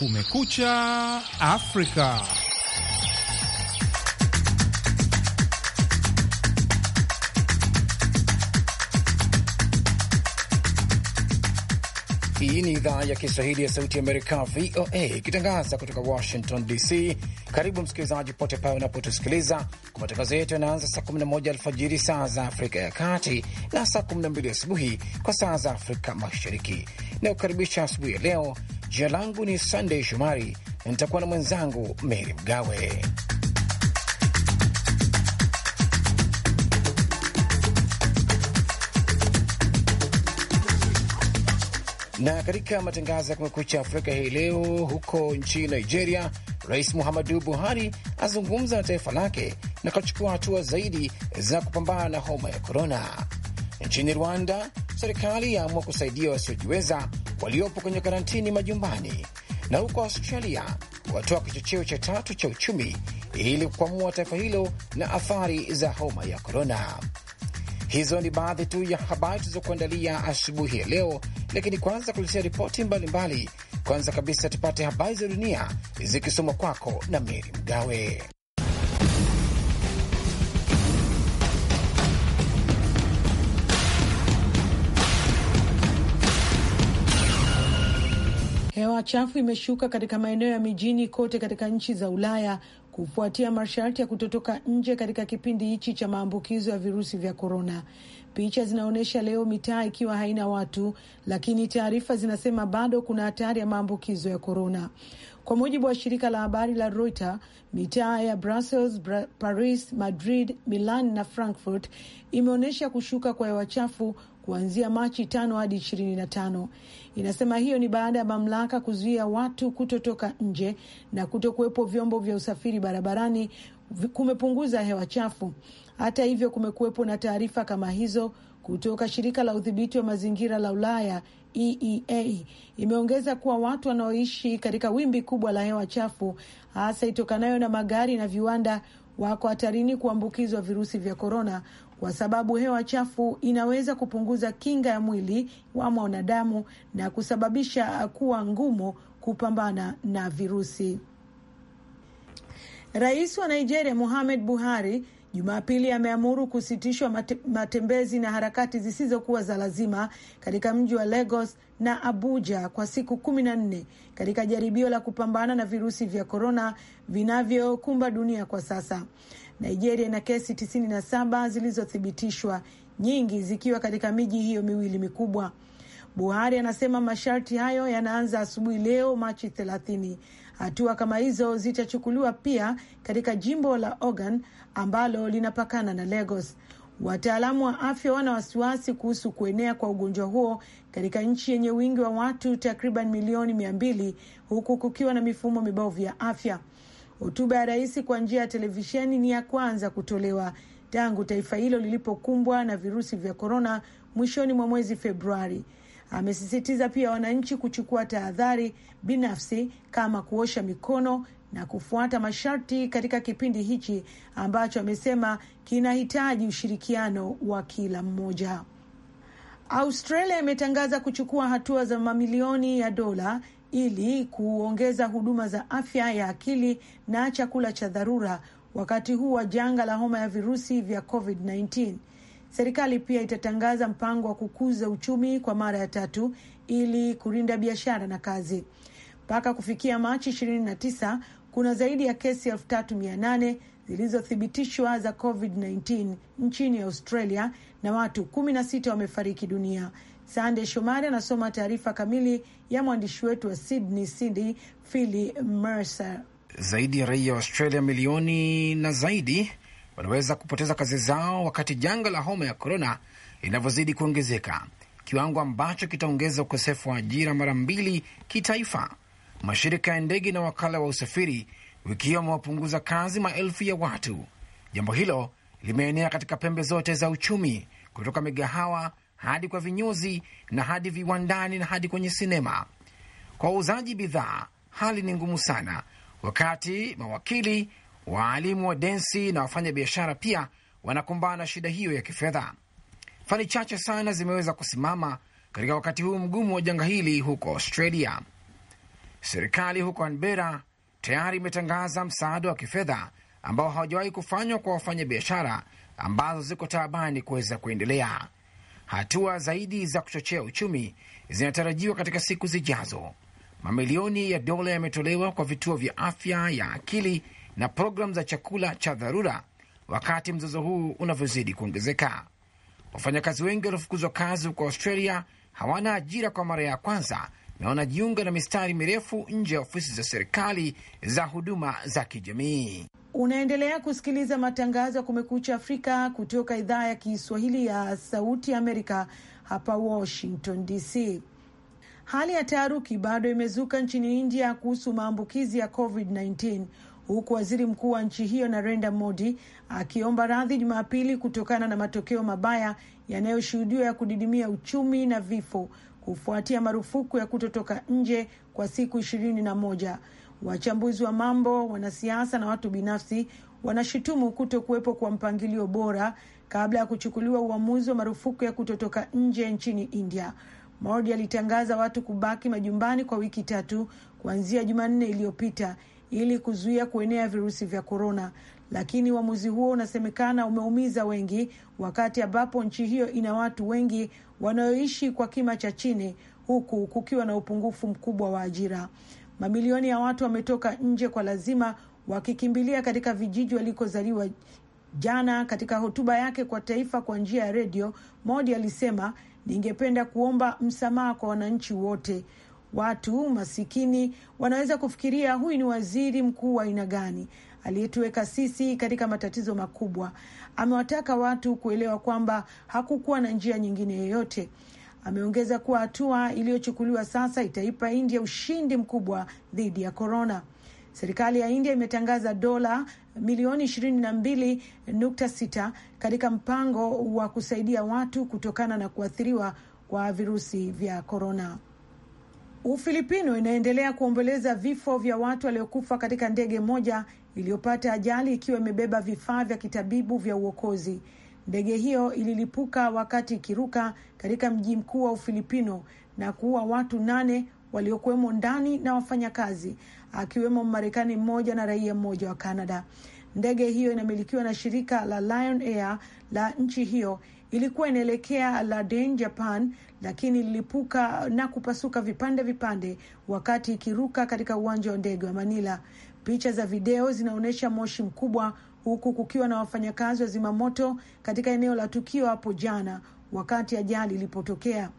Kumekucha Afrika. Hii ni idhaa ya Kiswahili ya Sauti ya Amerika, VOA, ikitangaza kutoka Washington DC. Karibu msikilizaji pote pale unapotusikiliza kwa matangazo yetu yanaanza saa 11 alfajiri saa za Afrika ya Kati na saa 12 asubuhi kwa saa za Afrika Mashariki. Inayokaribisha asubuhi ya leo Jina langu ni sandey Shomari na nitakuwa na mwenzangu Meri Mgawe. Na katika matangazo ya Kumekucha Afrika hii leo, huko nchini Nigeria, Rais Muhammadu Buhari azungumza na taifa lake na kachukua hatua zaidi za kupambana na homa ya korona. Nchini Rwanda, serikali yaamua kusaidia wasiojiweza waliopo kwenye karantini majumbani, na huko Australia watoa kichocheo cha tatu cha uchumi ili kukwamua taifa hilo na athari za homa ya korona. Hizo ni baadhi tu ya habari tulizokuandalia asubuhi ya leo, lakini kwanza kuletea ripoti mbalimbali. Kwanza kabisa tupate habari za dunia zikisomwa kwako na Meri Mgawe. machafu imeshuka katika maeneo ya mijini kote katika nchi za Ulaya kufuatia masharti ya kutotoka nje katika kipindi hichi cha maambukizo ya virusi vya korona. Picha zinaonyesha leo mitaa ikiwa haina watu, lakini taarifa zinasema bado kuna hatari ya maambukizo ya korona. Kwa mujibu wa shirika la habari la Reuters, mitaa ya Brussels, Bra Paris, Madrid, Milan na Frankfurt imeonyesha kushuka kwa hewa chafu kuanzia Machi tano hadi ishirini na tano. Inasema hiyo ni baada ya mamlaka kuzuia watu kutotoka nje na kutokuwepo vyombo vya usafiri barabarani kumepunguza hewa chafu. Hata hivyo, kumekuwepo na taarifa kama hizo kutoka shirika la udhibiti wa mazingira la Ulaya EEA imeongeza kuwa watu wanaoishi katika wimbi kubwa la hewa chafu hasa itokanayo na magari na viwanda wako hatarini kuambukizwa virusi vya korona kwa sababu hewa chafu inaweza kupunguza kinga ya mwili wa mwanadamu na kusababisha kuwa ngumu kupambana na virusi. Rais wa Nigeria Muhamed Buhari Jumapili ameamuru kusitishwa mate, matembezi na harakati zisizokuwa za lazima katika mji wa Lagos na Abuja kwa siku kumi na nne katika jaribio la kupambana na virusi vya korona vinavyokumba dunia kwa sasa. Nigeria ina kesi 97 zilizothibitishwa, nyingi zikiwa katika miji hiyo miwili mikubwa. Buhari anasema masharti hayo yanaanza asubuhi leo Machi 30. Hatua kama hizo zitachukuliwa pia katika jimbo la ogan ambalo linapakana na Lagos. Wataalamu wa afya wana wasiwasi kuhusu kuenea kwa ugonjwa huo katika nchi yenye wingi wa watu takriban milioni mia mbili huku kukiwa na mifumo mibovu ya afya. Hotuba ya rais kwa njia ya televisheni ni ya kwanza kutolewa tangu taifa hilo lilipokumbwa na virusi vya korona mwishoni mwa mwezi Februari. Amesisitiza pia wananchi kuchukua tahadhari binafsi kama kuosha mikono na kufuata masharti katika kipindi hichi ambacho amesema kinahitaji ushirikiano wa kila mmoja. Australia imetangaza kuchukua hatua za mamilioni ya dola ili kuongeza huduma za afya ya akili na chakula cha dharura wakati huu wa janga la homa ya virusi vya COVID-19. Serikali pia itatangaza mpango wa kukuza uchumi kwa mara ya tatu ili kulinda biashara na kazi. Mpaka kufikia Machi 29 kuna zaidi ya kesi 3800 zilizothibitishwa za COVID-19 nchini Australia na watu 16 wamefariki dunia. Sande Shomari anasoma taarifa kamili ya mwandishi wetu wa Sydney Sidi Fili Mercer. Zaidi ya raia wa Australia milioni na zaidi wanaweza kupoteza kazi zao wakati janga la homa ya korona linavyozidi kuongezeka, kiwango ambacho kitaongeza ukosefu wa ajira mara mbili kitaifa. Mashirika ya ndege na wakala wa usafiri wiki wamewapunguza kazi maelfu ya watu. Jambo hilo limeenea katika pembe zote za uchumi, kutoka migahawa hadi kwa vinyozi na hadi viwandani na hadi kwenye sinema. Kwa wauzaji bidhaa, hali ni ngumu sana, wakati mawakili, waalimu wa densi na wafanya biashara pia wanakumbana na shida hiyo ya kifedha. Fani chache sana zimeweza kusimama katika wakati huu mgumu wa janga hili huko Australia. Serikali huko Canberra tayari imetangaza msaada wa kifedha ambao hawajawahi kufanywa kwa wafanya biashara ambazo ziko taabani kuweza kuendelea. Hatua zaidi za kuchochea uchumi zinatarajiwa katika siku zijazo. Mamilioni ya dola yametolewa kwa vituo vya afya ya akili na programu za chakula cha dharura wakati mzozo huu unavyozidi kuongezeka. Wafanyakazi wengi waliofukuzwa kazi huko Australia hawana ajira kwa mara ya kwanza na wanajiunga na mistari mirefu nje ya ofisi za serikali za huduma za kijamii. Unaendelea kusikiliza matangazo ya Kumekucha Afrika kutoka idhaa ya Kiswahili ya Sauti Amerika, hapa Washington DC. Hali ya taharuki bado imezuka nchini India kuhusu maambukizi ya COVID-19 huku waziri mkuu wa nchi hiyo Narendra Modi akiomba radhi Jumapili kutokana na matokeo mabaya yanayoshuhudiwa ya kudidimia uchumi na vifo kufuatia marufuku ya kutotoka nje kwa siku ishirini na moja. Wachambuzi wa mambo, wanasiasa na watu binafsi wanashutumu kuto kuwepo kwa mpangilio bora kabla ya kuchukuliwa uamuzi wa marufuku ya kutotoka nje nchini India. Modi alitangaza watu kubaki majumbani kwa wiki tatu kuanzia Jumanne iliyopita ili kuzuia kuenea virusi vya korona, lakini uamuzi huo unasemekana umeumiza wengi, wakati ambapo nchi hiyo ina watu wengi wanaoishi kwa kima cha chini, huku kukiwa na upungufu mkubwa wa ajira. Mamilioni ya watu wametoka nje kwa lazima, wakikimbilia katika vijiji walikozaliwa. Jana katika hotuba yake kwa taifa kwa njia ya redio, Modi alisema, ningependa kuomba msamaha kwa wananchi wote. Watu masikini wanaweza kufikiria huyu ni waziri mkuu wa aina gani, aliyetuweka sisi katika matatizo makubwa. Amewataka watu kuelewa kwamba hakukuwa na njia nyingine yoyote. Ameongeza kuwa hatua iliyochukuliwa sasa itaipa India ushindi mkubwa dhidi ya korona. Serikali ya India imetangaza dola milioni 22.6 katika mpango wa kusaidia watu kutokana na kuathiriwa kwa virusi vya korona. Ufilipino inaendelea kuomboleza vifo vya watu waliokufa katika ndege moja iliyopata ajali ikiwa imebeba vifaa vya kitabibu vya uokozi. Ndege hiyo ililipuka wakati ikiruka katika mji mkuu wa Ufilipino na kuua watu nane waliokuwemo ndani na wafanyakazi, akiwemo marekani mmoja na raia mmoja wa Kanada. Ndege hiyo inamilikiwa na shirika la Lion Air la nchi hiyo. Ilikuwa inaelekea Laden, Japan, lakini ililipuka na kupasuka vipande vipande wakati ikiruka katika uwanja wa ndege wa Manila. Picha za video zinaonyesha moshi mkubwa huku kukiwa na wafanyakazi wa zimamoto katika eneo la tukio hapo jana wakati ajali ilipotokea.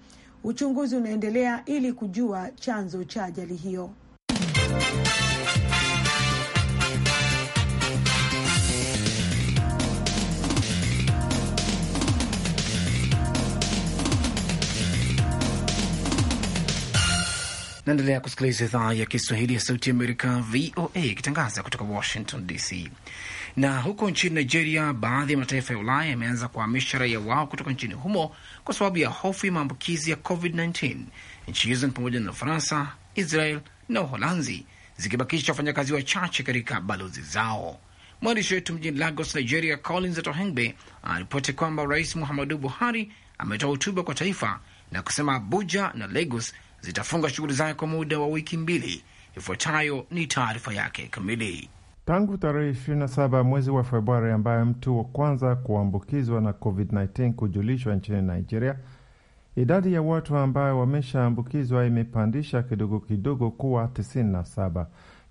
Uchunguzi unaendelea ili kujua chanzo cha ajali hiyo. naendelea kusikiliza idhaa ya Kiswahili ya Sauti ya Amerika, VOA, ikitangaza kutoka Washington DC. Na huko nchini Nigeria, baadhi ya mataifa ya Ulaya yameanza kuhamisha raia wao kutoka nchini humo kwa sababu ya hofu ya maambukizi ya COVID-19. Nchi hizo ni pamoja na Ufaransa, Israel na Uholanzi, zikibakisha wafanyakazi wachache katika balozi zao. Mwandishi wetu mjini Lagos, Nigeria, Collins Atohengbe anaripoti kwamba Rais Muhammadu Buhari ametoa hotuba kwa taifa na kusema Abuja na Lagos zitafunga shughuli zake kwa muda wa wiki mbili. Ifuatayo ni taarifa yake kamili. Tangu tarehe 27 mwezi wa Februari, ambaye mtu wa kwanza kuambukizwa na COVID-19 kujulishwa nchini Nigeria, idadi ya watu ambayo wameshaambukizwa imepandisha kidogo kidogo kuwa 97.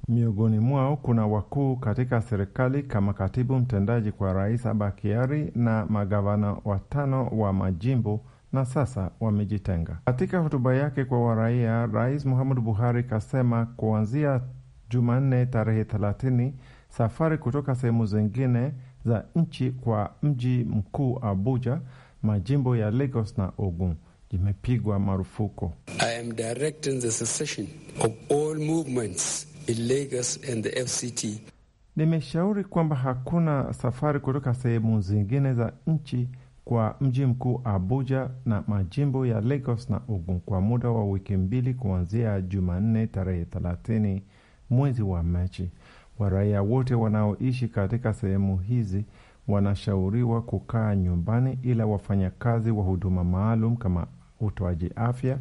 Miongoni mwao kuna wakuu katika serikali kama katibu mtendaji kwa rais Abakiari na magavana watano wa majimbo na sasa wamejitenga. Katika hotuba yake kwa waraia, Rais Muhammadu Buhari kasema kuanzia Jumanne tarehe 30 safari kutoka sehemu zingine za nchi kwa mji mkuu Abuja, majimbo ya Lagos na Ogun imepigwa marufuku. I am directing the cessation of all movements in Lagos and the FCT. Nimeshauri kwamba hakuna safari kutoka sehemu zingine za nchi kwa mji mkuu Abuja na majimbo ya Lagos na Ogun kwa muda wa wiki mbili kuanzia Jumanne tarehe 30 mwezi wa Machi. Waraia wote wanaoishi katika sehemu hizi wanashauriwa kukaa nyumbani, ila wafanyakazi wa huduma maalum kama utoaji afya,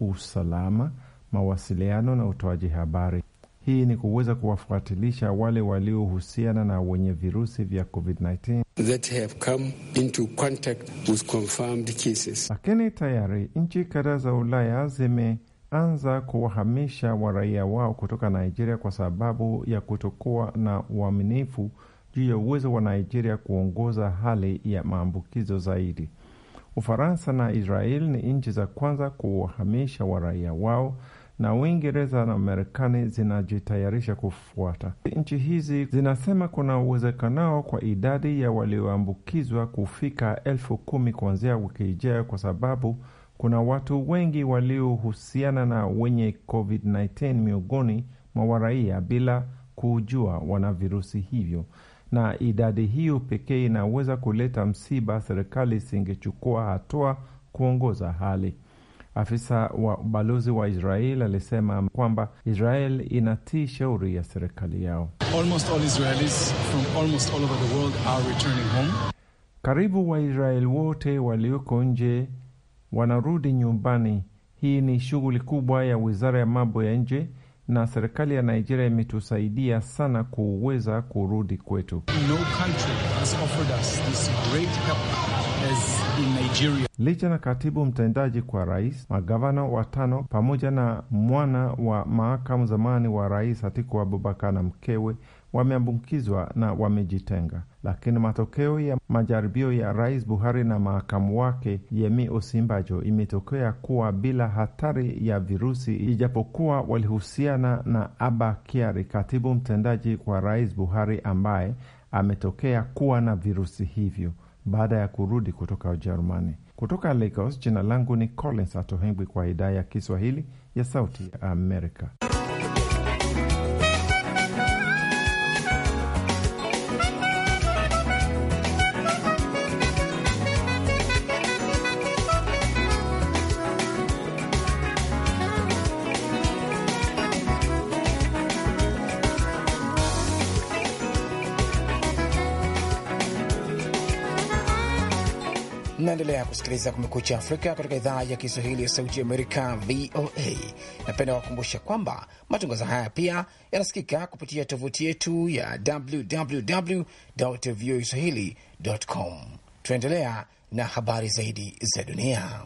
usalama, mawasiliano na utoaji habari hii ni kuweza kuwafuatilisha wale waliohusiana na wenye virusi vya COVID-19 that have come into contact with confirmed cases. Lakini tayari nchi kadhaa za Ulaya zimeanza kuwahamisha waraia wao kutoka Nigeria kwa sababu ya kutokuwa na uaminifu juu ya uwezo wa Nigeria kuongoza hali ya maambukizo zaidi. Ufaransa na Israel ni nchi za kwanza kuwahamisha waraia wao na Uingereza na Marekani zinajitayarisha kufuata. Nchi hizi zinasema kuna uwezekanao kwa idadi ya walioambukizwa kufika elfu kumi kuanzia wiki ijayo, kwa sababu kuna watu wengi waliohusiana na wenye COVID-19 miongoni mwa waraia bila kujua wana virusi hivyo, na idadi hiyo pekee inaweza kuleta msiba serikali isingechukua hatua kuongoza hali. Afisa wa ubalozi wa Israel alisema kwamba Israel inatii shauri ya serikali yao. Almost all Israelis from almost all over the world are returning home. Karibu Waisrael wote walioko nje wanarudi nyumbani. Hii ni shughuli kubwa ya wizara ya mambo ya nje na serikali ya Nigeria imetusaidia sana kuweza kurudi kwetu. No country has offered us this great help. Licha na katibu mtendaji kwa rais, magavana watano pamoja na mwana wa makamu zamani wa rais Atiku Abubakar na mkewe wameambukizwa na wamejitenga. Lakini matokeo ya majaribio ya Rais Buhari na makamu wake Yemi Osinbajo imetokea kuwa bila hatari ya virusi, ijapokuwa walihusiana na Aba Kiari, katibu mtendaji kwa Rais Buhari, ambaye ametokea kuwa na virusi hivyo baada ya kurudi kutoka Ujerumani. Kutoka Lagos, jina langu ni Collins Atohengwi, kwa idhaa ya Kiswahili ya Sauti ya Amerika. Unaendelea kusikiliza Kumekucha Afrika kutoka idhaa ya Kiswahili ya Sauti Amerika, VOA. Napenda kuwakumbusha kwamba matangazo haya pia yanasikika kupitia tovuti yetu ya www voa swahili com. Tunaendelea na habari zaidi za dunia.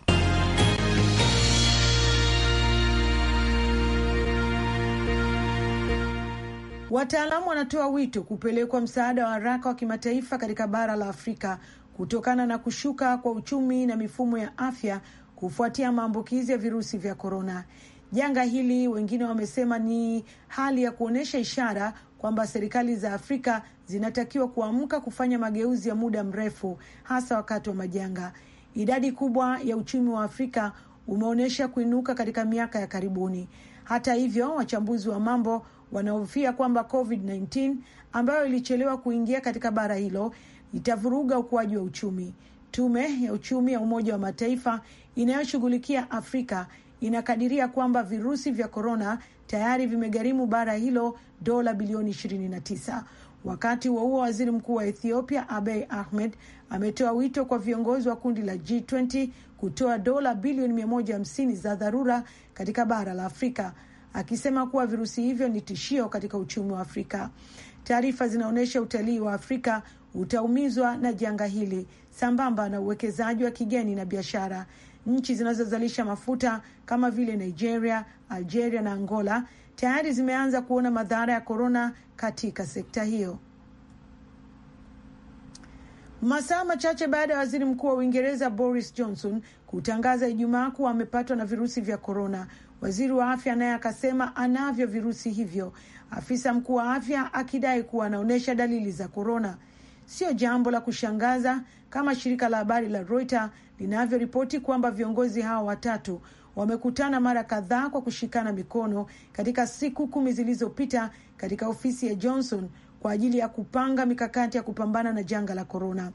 Wataalamu wanatoa wito kupelekwa msaada wa haraka wa kimataifa katika bara la Afrika kutokana na kushuka kwa uchumi na mifumo ya afya kufuatia maambukizi ya virusi vya korona. Janga hili wengine wamesema ni hali ya kuonyesha ishara kwamba serikali za Afrika zinatakiwa kuamka kufanya mageuzi ya muda mrefu, hasa wakati wa majanga. Idadi kubwa ya uchumi wa Afrika umeonyesha kuinuka katika miaka ya karibuni. Hata hivyo, wachambuzi wa mambo wanahofia kwamba COVID-19 ambayo ilichelewa kuingia katika bara hilo itavuruga ukuaji wa uchumi. Tume ya uchumi ya Umoja wa Mataifa inayoshughulikia Afrika inakadiria kwamba virusi vya korona tayari vimegharimu bara hilo dola bilioni 29. Wakati huo huo, waziri mkuu wa Ethiopia Abiy Ahmed ametoa wito kwa viongozi wa kundi la G20 kutoa dola bilioni 150 za dharura katika bara la Afrika, akisema kuwa virusi hivyo ni tishio katika uchumi wa Afrika. Taarifa zinaonyesha utalii wa Afrika utaumizwa na janga hili, sambamba na uwekezaji wa kigeni na biashara. Nchi zinazozalisha mafuta kama vile Nigeria, Algeria na Angola tayari zimeanza kuona madhara ya korona katika sekta hiyo. Masaa machache baada ya waziri mkuu wa Uingereza Boris Johnson kutangaza Ijumaa kuwa amepatwa na virusi vya korona, waziri wa afya naye akasema anavyo virusi hivyo, afisa mkuu wa afya akidai kuwa anaonyesha dalili za korona. Sio jambo la kushangaza kama shirika la habari la Reuters linavyoripoti kwamba viongozi hao watatu wamekutana mara kadhaa kwa kushikana mikono katika siku kumi zilizopita katika ofisi ya Johnson kwa ajili ya kupanga mikakati ya kupambana na janga la korona.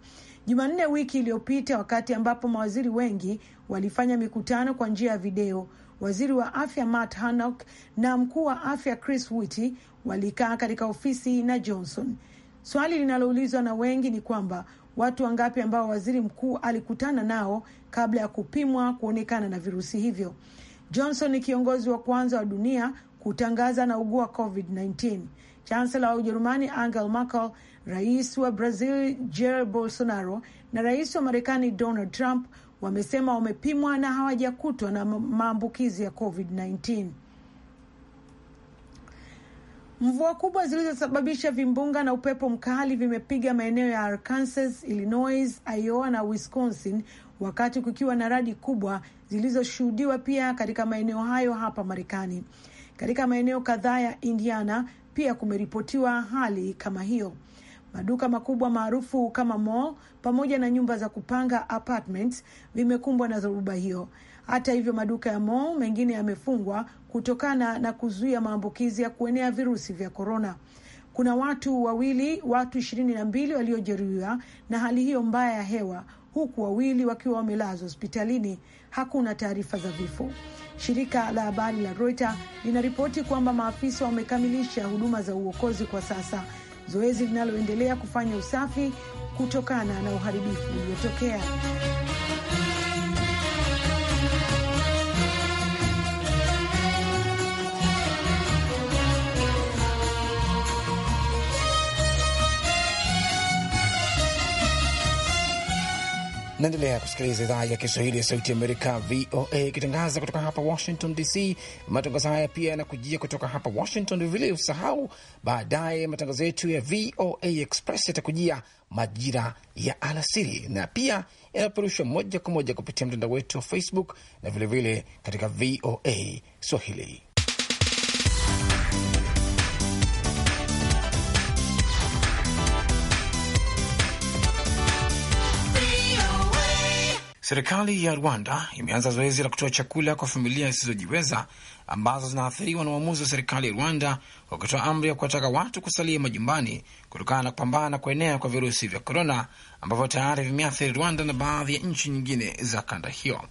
Jumanne wiki iliyopita, wakati ambapo mawaziri wengi walifanya mikutano kwa njia ya video, waziri wa afya Matt Hancock na mkuu wa afya Chris Whitty walikaa katika ofisi na Johnson. Swali linaloulizwa na wengi ni kwamba watu wangapi ambao waziri mkuu alikutana nao kabla ya kupimwa kuonekana na virusi hivyo. Johnson ni kiongozi wa kwanza wa dunia kutangaza na ugua COVID-19. Chansela wa Ujerumani Angela Merkel, rais wa Brazil Jair Bolsonaro na rais wa Marekani Donald Trump wamesema wamepimwa na hawajakutwa na maambukizi ya COVID-19. Mvua kubwa zilizosababisha vimbunga na upepo mkali vimepiga maeneo ya Arkansas, Illinois, Iowa na Wisconsin, wakati kukiwa na radi kubwa zilizoshuhudiwa pia katika maeneo hayo hapa Marekani. Katika maeneo kadhaa ya Indiana pia kumeripotiwa hali kama hiyo. Maduka makubwa maarufu kama mall pamoja na nyumba za kupanga apartments vimekumbwa na dhoruba hiyo. Hata hivyo, maduka ya mall mengine yamefungwa kutokana na kuzuia maambukizi ya kuenea virusi vya korona. Kuna watu wawili, watu ishirini na mbili waliojeruhiwa na hali hiyo mbaya ya hewa, huku wawili wakiwa wamelazwa hospitalini. Hakuna taarifa za vifo. Shirika la habari la Reuters linaripoti kwamba maafisa wamekamilisha huduma za uokozi kwa sasa, zoezi linaloendelea kufanya usafi kutokana na uharibifu uliotokea. Naendelea kusikiliza idhaa ya Kiswahili ya Sauti Amerika, VOA, ikitangaza kutoka hapa Washington DC. Matangazo haya pia yanakujia kutoka hapa Washington vile. Usahau baadaye, matangazo yetu ya VOA Express yatakujia majira ya alasiri, na pia yanapeperushwa moja kwa moja kupitia mtandao wetu wa Facebook na vilevile vile katika VOA Swahili Serikali ya Rwanda imeanza zoezi la kutoa chakula kwa familia zisizojiweza ambazo zinaathiriwa na uamuzi wa serikali ya Rwanda wa kutoa amri ya kuwataka watu kusalia majumbani kutokana na kupambana na kuenea kwa virusi vya korona ambavyo tayari vimeathiri Rwanda na baadhi ya nchi nyingine za kanda hiyo.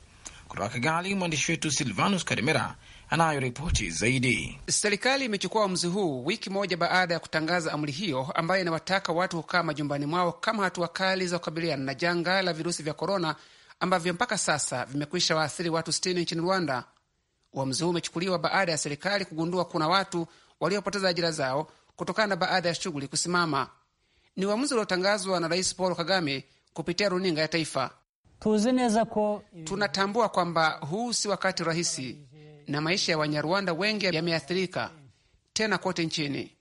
Kutoka Kigali, mwandishi wetu Silvanus Karimera anayo ripoti zaidi. Serikali imechukua uamuzi huu wiki moja baada ya kutangaza amri hiyo ambayo inawataka watu kukaa majumbani mwao kama hatua kali za kukabiliana na janga la virusi vya korona ambavyo mpaka sasa vimekwisha waathiri watu 60 nchini Rwanda. Uamuzi huu umechukuliwa baada ya serikali kugundua kuna watu waliopoteza ajira zao kutokana na baadhi ya shughuli kusimama. Ni uamuzi uliotangazwa na Rais Paul Kagame kupitia runinga ya taifa. Tunatambua kwamba huu si wakati rahisi na maisha ya Wanyarwanda wengi yameathirika tena kote nchini.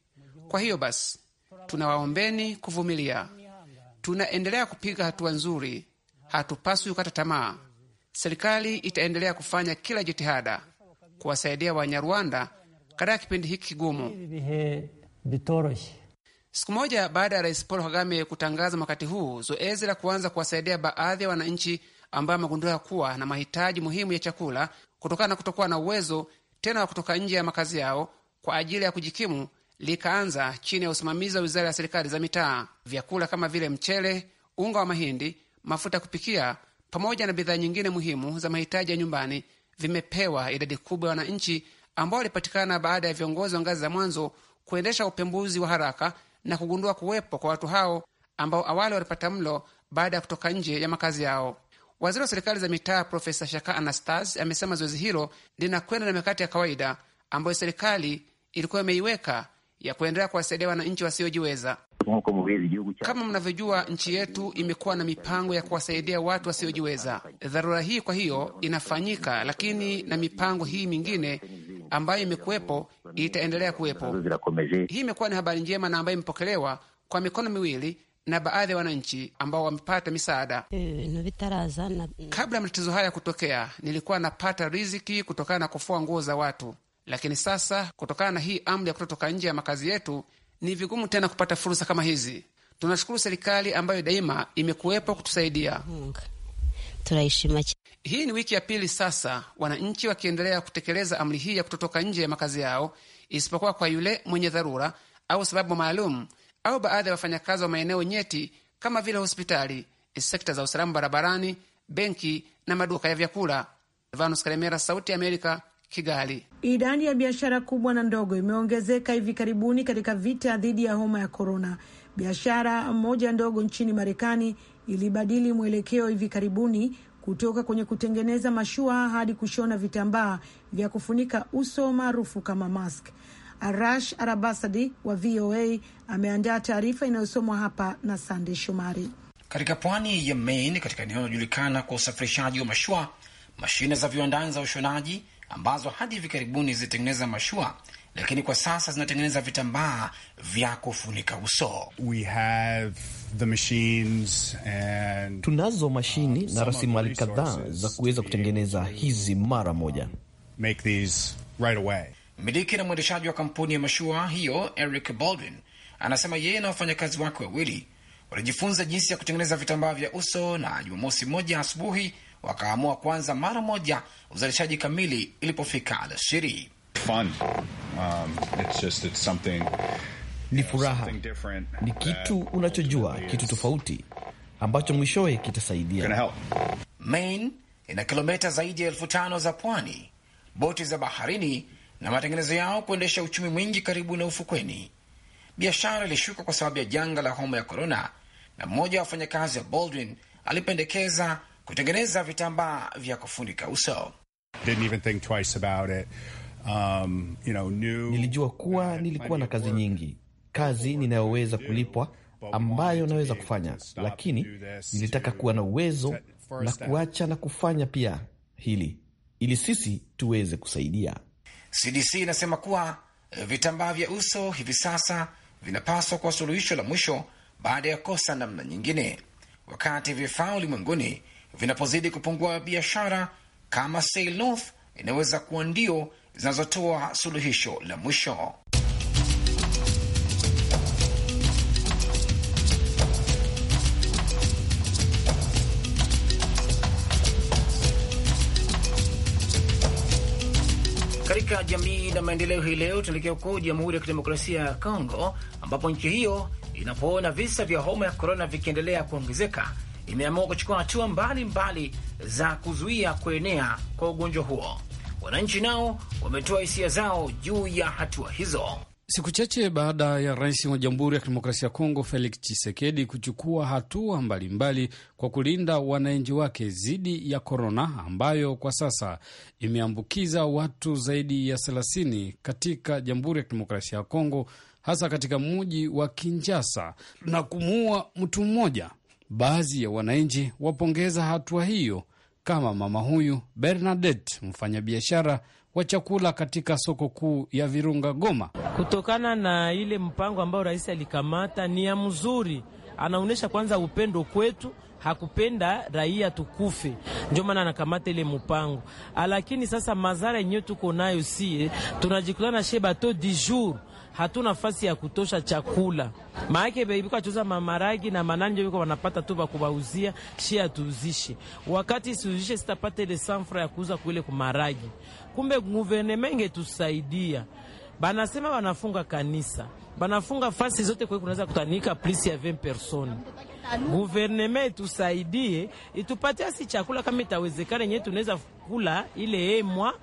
Kwa hiyo basi, tunawaombeni kuvumilia. Tunaendelea kupiga hatua nzuri Hatupaswi kukata tamaa. Serikali itaendelea kufanya kila jitihada kuwasaidia Wanyarwanda katika kipindi hiki kigumu. Siku moja baada ya Rais Paul Kagame kutangaza wakati huu zoezi la kuanza kuwasaidia baadhi ya wananchi ambayo amegundua kuwa na mahitaji muhimu ya chakula kutokana na kutokuwa na uwezo tena wa kutoka nje ya makazi yao kwa ajili ya kujikimu likaanza chini ya usimamizi wa wizara ya serikali za mitaa. Vyakula kama vile mchele, unga wa mahindi, mafuta ya kupikia pamoja na bidhaa nyingine muhimu za mahitaji ya nyumbani vimepewa idadi kubwa ya wananchi ambao walipatikana baada ya viongozi wa ngazi za mwanzo kuendesha upembuzi wa haraka na kugundua kuwepo kwa watu hao ambao awali walipata mlo baada ya kutoka nje ya makazi yao. Waziri wa serikali za mitaa Profesa Shaka Anastas amesema zoezi hilo linakwenda na mikakati ya kawaida ambayo serikali ilikuwa imeiweka ya kuendelea kuwasaidia wananchi wasiojiweza. Kama mnavyojua, nchi yetu imekuwa na mipango ya kuwasaidia watu wasiojiweza. Dharura hii kwa hiyo inafanyika, lakini na mipango hii mingine ambayo imekuwepo itaendelea kuwepo. Hii imekuwa ni habari njema na ambayo imepokelewa kwa mikono miwili na baadhi ya wananchi ambao wamepata misaada. Eh, Kabla ya matatizo haya kutokea, nilikuwa napata riziki kutokana na kufua nguo za watu, lakini sasa kutokana na hii amri ya kutotoka nje ya makazi yetu ni vigumu tena kupata fursa kama hizi. Tunashukuru serikali ambayo daima imekuwepo kutusaidia. Hii ni wiki ya pili sasa, wananchi wakiendelea kutekeleza amri hii ya kutotoka nje ya makazi yao, isipokuwa kwa yule mwenye dharura au sababu maalum, au baadhi ya wafanyakazi wa maeneo nyeti kama vile hospitali, sekta za usalama barabarani, benki na maduka ya vyakula. Sauti ya Amerika, Kigali. Idadi ya biashara kubwa na ndogo imeongezeka hivi karibuni katika vita dhidi ya homa ya korona. Biashara moja ndogo nchini Marekani ilibadili mwelekeo hivi karibuni kutoka kwenye kutengeneza mashua hadi kushona vitambaa vya kufunika uso maarufu kama mask. Arash Arabasadi wa VOA ameandaa taarifa inayosomwa hapa na Sande Shomari. Katika pwani ya Maine, katika eneo linalojulikana kwa usafirishaji wa mashua, mashine za viwandani za ushonaji ambazo hadi hivi karibuni zilitengeneza mashua lakini kwa sasa zinatengeneza vitambaa vya kufunika uso. We have the machines and, tunazo uh, mashini na rasilimali kadhaa za kuweza kutengeneza hizi mara moja. Make these right away. Mmiliki na mwendeshaji wa kampuni ya mashua hiyo Eric Baldwin anasema yeye na wafanyakazi wake wawili walijifunza jinsi ya kutengeneza vitambaa vya uso, na Jumamosi moja asubuhi wakaamua kuanza mara moja uzalishaji kamili ilipofika alasiri. Um, ni furaha, ni kitu unachojua, kitu tofauti ambacho mwishowe kitasaidia. Maine ina kilomita zaidi ya elfu tano za pwani, boti za baharini na matengenezo yao kuendesha uchumi mwingi karibu na ufukweni. Biashara ilishuka kwa sababu ya janga la homa ya korona, na mmoja wa wafanyakazi wa Baldwin alipendekeza kutengeneza vitambaa vya kufunika uso. Um, you know, nilijua kuwa nilikuwa na kazi nyingi, kazi ninayoweza kulipwa ambayo naweza kufanya, lakini nilitaka kuwa na uwezo na kuacha na kufanya pia hili ili sisi tuweze kusaidia. CDC inasema kuwa eh, vitambaa vya uso hivi sasa vinapaswa kuwa suluhisho la mwisho baada ya kosa namna nyingine, wakati vifaa ulimwenguni vinapozidi kupungua biashara kama Sail North inaweza kuwa ndio zinazotoa suluhisho la mwisho. Katika jamii na maendeleo, hii leo tunaelekea huko Jamhuri ya Kidemokrasia ya Kongo, ambapo nchi hiyo inapoona visa vya homa ya korona vikiendelea kuongezeka imeamua kuchukua hatua mbalimbali za kuzuia kuenea kwa ugonjwa huo. Wananchi nao wametoa hisia zao juu ya hatua hizo. Siku chache baada ya rais wa Jamhuri ya Kidemokrasia ya Kongo Felix Tshisekedi kuchukua hatua mbalimbali kwa kulinda wananchi wake dhidi ya korona ambayo kwa sasa imeambukiza watu zaidi ya 30 katika Jamhuri ya Kidemokrasia ya Kongo, hasa katika mji wa Kinshasa na kumuua mtu mmoja. Baadhi ya wananchi wapongeza hatua hiyo, kama mama huyu Bernadette, mfanyabiashara wa chakula katika soko kuu ya Virunga Goma. Kutokana na ile mpango ambao rais alikamata ni ya mzuri, anaonyesha kwanza upendo kwetu hakupenda raia tukufe, ndio maana anakamata ile mpango. Lakini sasa madhara yenyewe tuko nayo sie, tunajikulana sheba to hatuna nafasi ya kutosha chakula, maake beibika chuza mamaragi na manani ndio biko wanapata tu bakubauzia shi atuzishe, wakati siuzishe sitapata ile sanfra ya kuuza kuile kumaragi. Kumbe guvernema ingetusaidia banasema wanafunga kanisa banafunga fasi zote kwe kunaweza kutanika plisi ya 20 persone. Guverneme itusaidie itupatie asi chakula kama itawezekana, yenyewe tunaweza kula ile emwa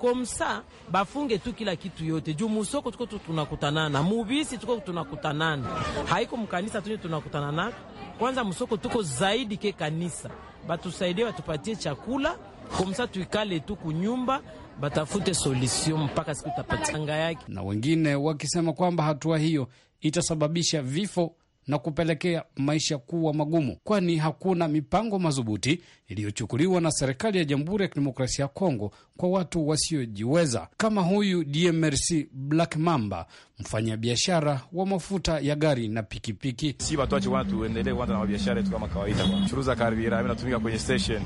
komsa bafunge tu kila kitu yote juu musoko tuko tunakutanana, mubisi tuko tunakutanana, haiko mkanisa tu tunakutanana. Kwanza musoko tuko zaidi ke kanisa, batusaidie batupatie chakula komsa, tuikale tu kunyumba batafute solution mpaka siku tapatanga yake. Na wengine wakisema kwamba hatua hiyo itasababisha vifo na kupelekea maisha kuwa magumu, kwani hakuna mipango madhubuti iliyochukuliwa na serikali ya Jamhuri ya Kidemokrasia ya Kongo kwa watu wasiojiweza kama huyu DMRC Black Mamba, mfanyabiashara wa mafuta ya gari na pikipiki. Si watuache watu endelee kwanza na mabiashara yetu kama kawaida, churuza karibira natumika kwenye station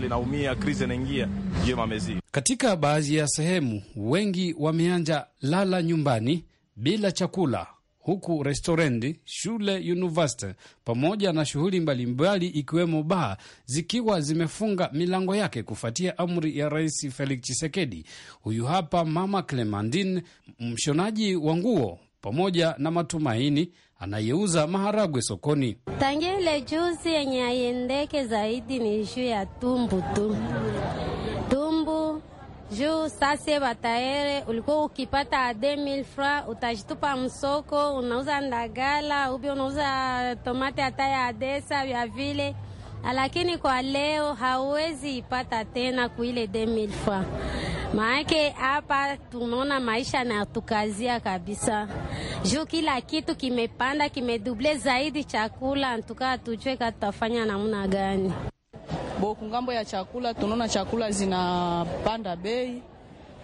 linaumia, krizi inaingia mamezi. Katika baadhi ya sehemu, wengi wameanja lala nyumbani bila chakula huku restorendi, shule, university pamoja na shughuli mbalimbali ikiwemo baa zikiwa zimefunga milango yake kufuatia amri ya Rais Felix Tshisekedi. Huyu hapa Mama Clemandine, mshonaji wa nguo pamoja na Matumaini anayeuza maharagwe sokoni. Tangia ile juzi yenye aiendeke zaidi ni ishu ya tumbu tu juu sasa batayere ulikuwa ukipata 2000 fra utajitupa msoko, unauza ndagala ubi, unauza tomate hata ya desa vya vile, lakini kwa leo hauwezi ipata tena kuile 2000 fra. Maake hapa tunaona maisha na tukazia kabisa, juu kila kitu kimepanda, kimeduble zaidi chakula. Ntukaa tujue tutafanya namna gani? bo kungambo ya chakula tunaona chakula zinapanda bei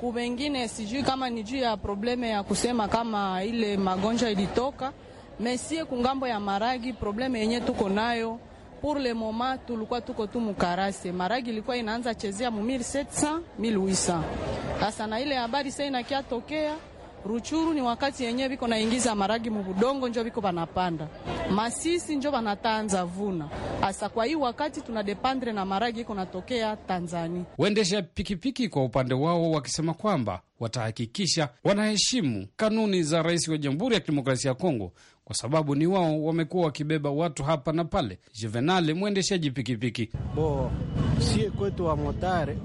kubengine, sijui kama ni juu ya probleme ya kusema kama ile magonjwa ilitoka mesie kungambo ya maragi, probleme yenye tuko nayo pour le moment tulikuwa tuko tu mukarase, maragi ilikuwa inaanza chezea mu 1700 1800 sasa, na ile habari sasa inakia tokea Ruchuru ni wakati yenyewe viko naingiza maragi mubudongo njo viko vanapanda Masisi njo vanatanza vuna hasa. Kwa hii wakati tuna dependre na maragi iko natokea Tanzania. Waendesha pikipiki kwa upande wao wakisema kwamba watahakikisha wanaheshimu kanuni za rais wa Jamhuri ya Kidemokrasia ya Kongo kwa sababu ni wao wamekuwa wakibeba watu hapa na pale. juvenal mwendeshaji pikipiki bo sie kwetu wa motare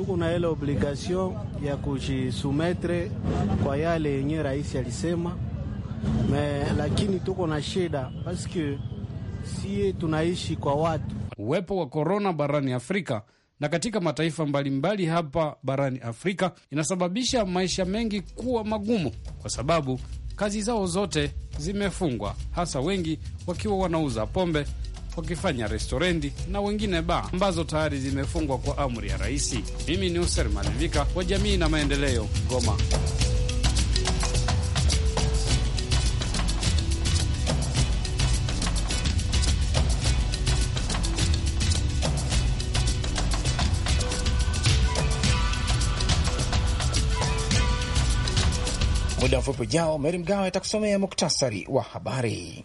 tuko na ile obligation ya kujisumetre kwa yale yenye rais alisema me, lakini tuko na shida paske siye tunaishi kwa watu. Uwepo wa korona barani Afrika na katika mataifa mbalimbali mbali hapa barani Afrika inasababisha maisha mengi kuwa magumu kwa sababu kazi zao zote zimefungwa, hasa wengi wakiwa wanauza pombe wakifanya restorendi na wengine baa ambazo tayari zimefungwa kwa amri ya rais. Mimi ni User Malivika wa Jamii na Maendeleo, Goma. Muda mfupi ujao, Meri Mgawe atakusomea muktasari wa habari.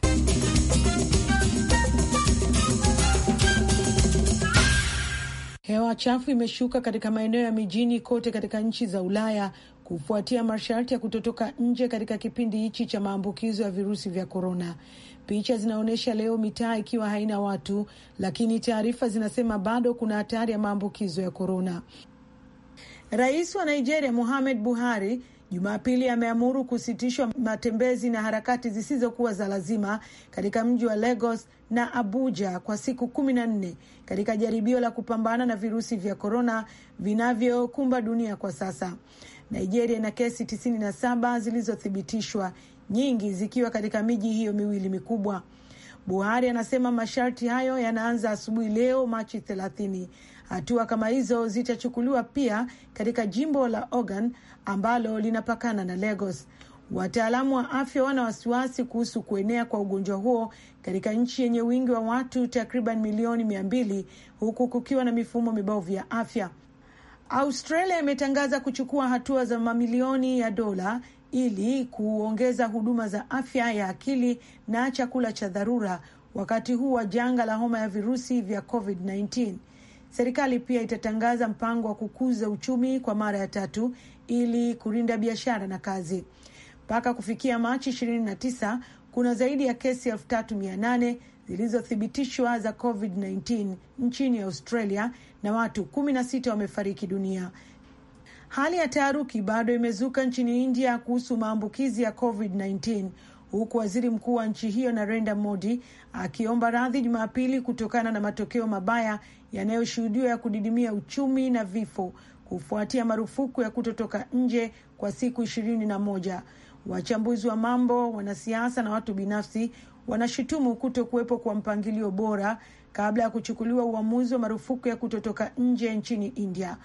Hewa chafu imeshuka katika maeneo ya mijini kote katika nchi za Ulaya kufuatia masharti ya kutotoka nje katika kipindi hichi cha maambukizo ya virusi vya korona. Picha zinaonyesha leo mitaa ikiwa haina watu, lakini taarifa zinasema bado kuna hatari ya maambukizo ya korona. Rais wa Nigeria Muhamed Buhari Jumapili ameamuru kusitishwa matembezi na harakati zisizokuwa za lazima katika mji wa Lagos na Abuja kwa siku kumi na nne katika jaribio la kupambana na virusi vya korona vinavyokumba dunia kwa sasa. Nigeria ina kesi 97 zilizothibitishwa, nyingi zikiwa katika miji hiyo miwili mikubwa. Buhari anasema masharti hayo yanaanza asubuhi leo Machi thelathini Hatua kama hizo zitachukuliwa pia katika jimbo la ogan ambalo linapakana na Lagos. Wataalamu wa afya wana wasiwasi kuhusu kuenea kwa ugonjwa huo katika nchi yenye wingi wa watu takriban milioni mia mbili huku kukiwa na mifumo mibovu ya afya. Australia imetangaza kuchukua hatua za mamilioni ya dola ili kuongeza huduma za afya ya akili na chakula cha dharura wakati huu wa janga la homa ya virusi vya COVID-19. Serikali pia itatangaza mpango wa kukuza uchumi kwa mara ya tatu ili kulinda biashara na kazi. Mpaka kufikia Machi 29 kuna zaidi ya kesi 3800 zilizothibitishwa za COVID-19 nchini Australia na watu 16 wamefariki dunia. Hali ya taharuki bado imezuka nchini India kuhusu maambukizi ya COVID-19 huku waziri mkuu wa nchi hiyo Narendra Modi akiomba radhi Jumapili kutokana na matokeo mabaya yanayoshuhudiwa ya kudidimia uchumi na vifo kufuatia marufuku ya kutotoka nje kwa siku ishirini na moja. Wachambuzi wa mambo, wanasiasa na watu binafsi wanashutumu kuto kuwepo kwa mpangilio bora kabla ya kuchukuliwa uamuzi wa marufuku ya kutotoka nje nchini India.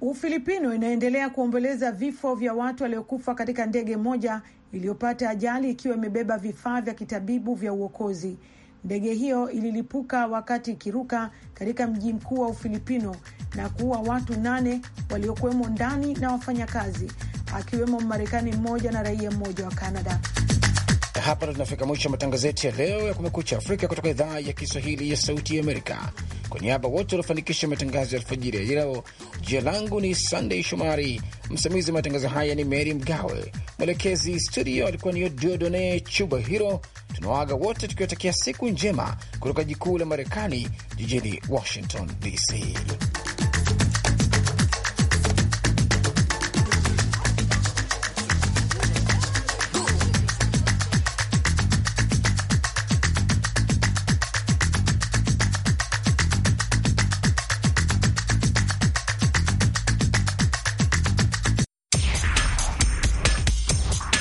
Ufilipino inaendelea kuomboleza vifo vya watu waliokufa katika ndege moja iliyopata ajali ikiwa imebeba vifaa vya kitabibu vya uokozi. Ndege hiyo ililipuka wakati ikiruka katika mji mkuu wa Ufilipino na kuua watu nane waliokuwemo ndani na wafanyakazi, akiwemo Mmarekani mmoja na raia mmoja wa Kanada. Hapa ndo tunafika mwisho wa matangazo yetu ya leo ya Kumekucha Afrika kutoka idhaa ya Kiswahili ya Sauti ya Amerika. Kwa niaba wote waliofanikisha matangazo ya alfajiri ya leo, jina langu ni sandey Shomari, msimamizi wa matangazo haya ni Mary Mgawe, mwelekezi studio alikuwa ni Diodone Chuba Hiro. Tunawaaga wote tukiwatakia siku njema kutoka jikuu la Marekani, jijini Washington DC.